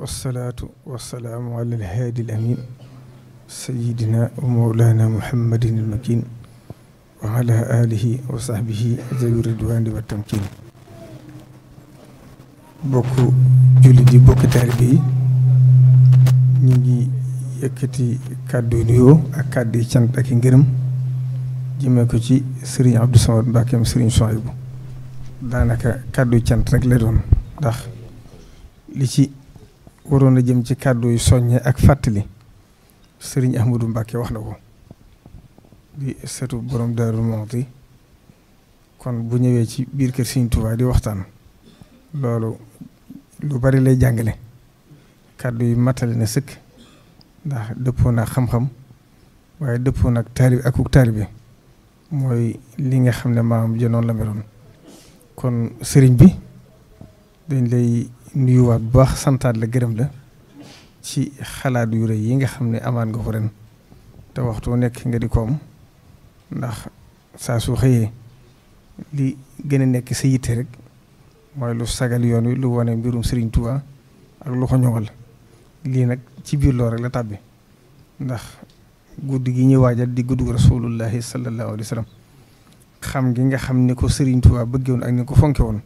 والصلاة والسلام على الهادي الأمين سيدنا ومولانا محمد المكين وعلى آله وصحبه ذوي الرضوان والتمكين bokk jullit yi bokk taalibe yi ñu ngi yëkkati kàddu yu nuyoo ak kàddu yi cant ak i ngërëm jëmee ko ci sëriñ Abdou Samad Mbàkkeem sëriñ Sohaybu daanaka kàddu cant rek la doon ndax li ci waroon a jëm ci kàddu yu soññe ak fàttali sëriñ Ahmadou Mbacke wax na ko di setu borom Darou Mouhty kon bu ñëwee ci biir kër Sëriñ Tuubaa di waxtaan loolu lu bari lay jàngale kàddu yi mattale na sëkk ndax dëppoo naa xam-xam waaye dëppoon nag taalibe akuk bi mooy li nga xam ne maam jënoon la meloon kon sëriñ bi dañ lay nuyuwaat bu baax santaat la gërëm la ci xalaat yu rëy yi nga xam ne amaat nga ko ren te waxtu nekk nga di koom ndax saa su xëyee li gën a nekk sa yitte rek mooy lu sagal yoon wi lu wane mbirum Serigne Touba ak lu ko ñoŋal lii nag ci biir loolu rek la tàbbi ndax guddi gi ñuy waajal di guddi rasulullahi sallallahu alayhi wa sallam xam gi nga xam ni ko Serigne Touba woon ak ni ko fonke woon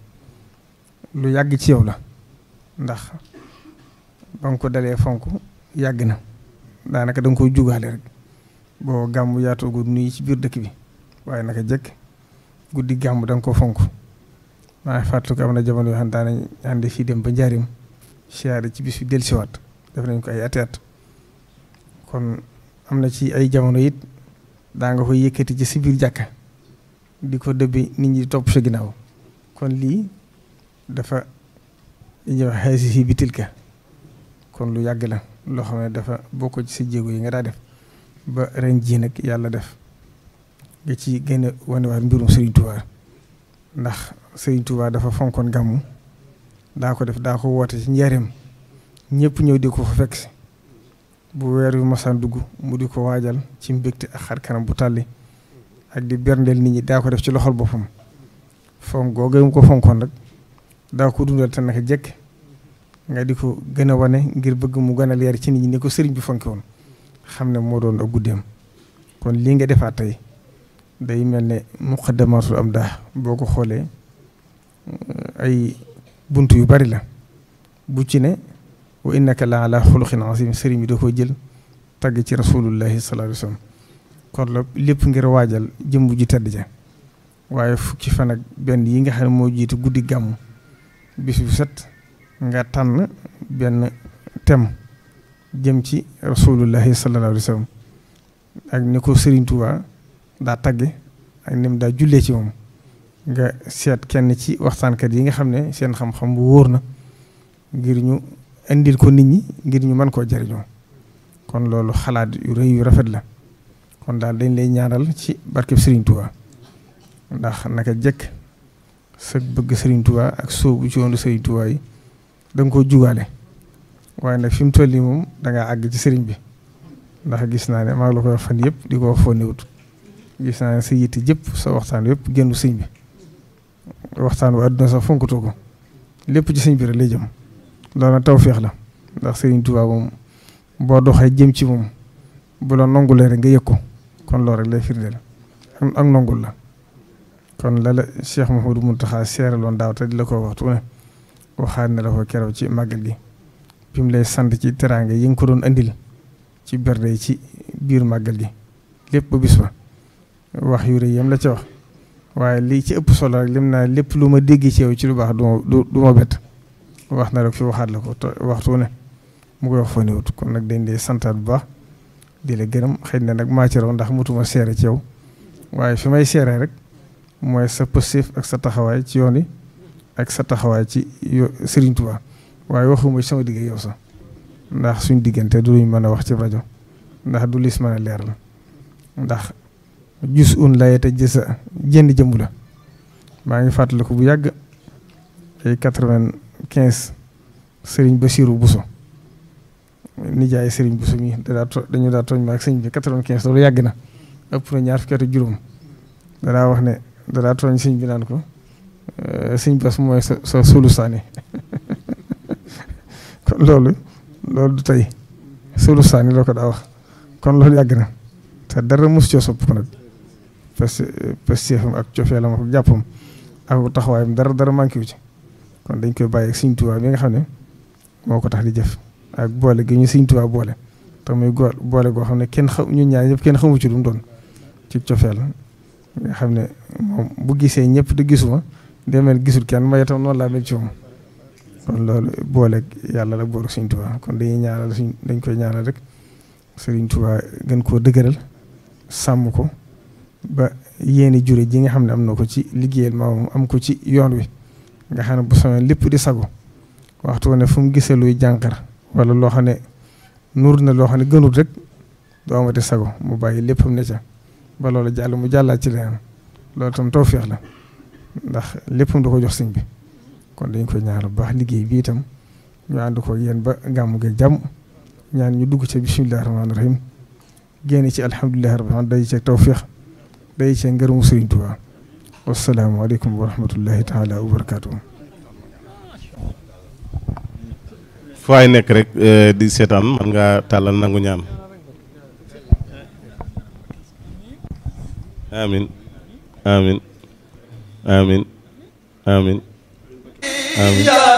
lu yàgg ci yow la ndax ba ko dalee fonk yàgg na daanaka da nga koy jugale rek boo gàmm yaatoogul nuyu ci biir dëkk bi waaye naka jëkk guddi gàmm da nga ko fonk maa ngi am na jamono yoo xam daanañ ànd fii dem ba njaarim siyaare ci bis dellusiwaat def nañ ko ay kon am na ci ay jamono it daa nga koy yëkkati ci si biir jàkka di ko dëbbi nit ñi topp sa ginnaaw kon lii dafa li ñuy wax haasihi bi tilka kon lu yàgg la loo xam ne dafa bokk ci sa jéego yi nga daa def ba ren jii nag yàlla def nga ci gën a wanewaat mbirum Serigne Touba ndax Serigne Touba dafa fonkoon gàmmu daa ko def daa ko woote ci njaareem ñëpp ñëw di ko fa fekk si bu weer wi masaan dugg mu di ko waajal ci mbégte ak xar kanam bu tàlli ak di berndeel nit ñi daa ko def ci loxol boppam fonk googu ko fonkoon rek. daa ko dundal te naka jekk nga di ko gën a wane ngir bëgg mu gën a leer ci nit ñi ni ko sëriñ bi fonke woon xam ne moo doon ak guddeem kon lii nga defaat tey day mel ne muqaddamatul am daa boo ko xoolee ay bunt yu bari la bu ci ne wa innaka la ala xuluqin azim sëriñ bi doo koy jël tagg ci rasulullahi sallallahu alayhi wa kon la lépp ngir waajal jëmb ji tedd ja waaye fukki fan ak benn yi nga xam ne moo jiit guddi gàmm bis bu set nga tànn benn tem jëm ci rasulullahi sallallahu alayhi wa sallam ak ni ko Serigne daa tagge ak ni mu daa jullee ci moom nga seet kenn ci waxtaankat yi nga xam ne seen xam-xam bu wóor na ngir ñu indil ko nit ñi ngir ñu mën koo jariñoo kon loolu xalaat yu rëy yu rafet la kon daal dañ lay ñaanal ci barkeb Serigne Touba ndax naka jëkk sa bëgg Serigne ak soobu ci yoonu Serigne Touba yi da nga koo jugaale waaye nag fi mu toll nii moom da ngaa àgg ci Serigne bi ndax gis naa ne maa ngi la koy wax fan yëpp di ko wax foo néewut gis naa ne sa yitte jëpp sa waxtaan yëpp génnu sëñ bi waxtaan wu àdduna sax fonkatoo ko lépp ci sëñ bi rek lay jëm loolu taw tawféex la ndax Serigne Touba moom boo doxee jëm ci moom bu la nongulee rek nga yëg ko kon loolu rek lay firndeel ak nongul la. kon la la Cheikh Mouhamadou Mountakha seeraloon daaw te di la ko waxtu ne waxaat na la ko keroog ci màggal gi bi lay sant ci teraanga yi nga ko doon andil ci berde ci biir màggal gi lépp ba bis ba wax yu rëy yam la ca wax waaye lii ci ëpp solo rek lim naa lépp lu ma dégg ci yow ci lu baax du ma du bett wax na rek fi waxaat la ko waxtu ne mu koy wax foo néewut kon nag dañ dee santaat bu baax di la gërëm xëy na nag maa ci raw ndax mutuma seere ci yow waaye fi may seeree rek. mooy sa positif ak sa taxawaay ci yoon yi ak sa taxawaay ci Serigne Touba waaye waxuma ci sama digg yow sax ndax suñ diggante du luñ mën a wax ci rajo ndax du lis mën a leer la ndax jus un layete jësa jënd jëmb maa ngi fàttaliku bu yàgg ay quatre-vingt-quinze Serigne Bassirou Bousso nijaay Serigne Bousso mi da daa dañu daa tooñ ma ak sëñ bi quatre-vingt-quinze loolu yàgg na ëpp na ñaar fukki at juróom danaa wax ne danaa tooñ sëñ bi naan ko euh, sëñ bas mooy sa sa sulu saani kon loolu loolu du tey sulu saani loo ko daa wax kon loolu yàgg na te dara mos coo sopp ko nag parce que euh, ak cofeelam ak jàppam ak taxawaayam dara dara manqué wu ci kon dañ koy bàyyi ak sëñ Tuubaa bi nga xam ne moo ko tax di jëf ak boole gi ñu sëñ Tuubaa boole te muy boole goo xam ne kenn xam ñun ñaar ñëpp kenn xamu ci lu mu doon ci cofeel nga xam ne moom bu gisee ñëpp di gisuma day gisul kenn ma itam noonu laa mel ci moom kon loolu booleeg yàlla la booru Sëriñ Tuubaa kon dañuy ñaanal suñ dañ koy ñaanal rek Sëriñ Tuubaa gën koo dëgëral sàmm ko ba yéeni jure ji nga xam ne am na ko ci liggéeyal maamam am ko ci yoon wi nga xam ne bu soobee lépp di sago waxtu ne fu mu gisee luy jànqar wala loo xam ne nur na loo xam ne gënul rek doo amati sago mu bàyyi lépp am ca ba loolu jàll mu jàllaat ci leneen loolu itam tawféex la ndax léppam du ko jox sëñ bi kon dañ koy ñaar bu baax liggéey bi itam ñu ànd ko yéen ba gàmmu gi jàmm ñaan ñu dugg ci bisimilah rahmaani rahim génn ci alhamdulilah rabbil alamin day ci tawféex day ci ngërëmu Sëriñ Tuubaa wasalaamaaleykum wa rahmatullahi taala wa barakaatuhu. fu ay nekk rek eh, di seetaan man nga tàllal nangu ñaan. Amen. Amen. Amen. Amen. Amen.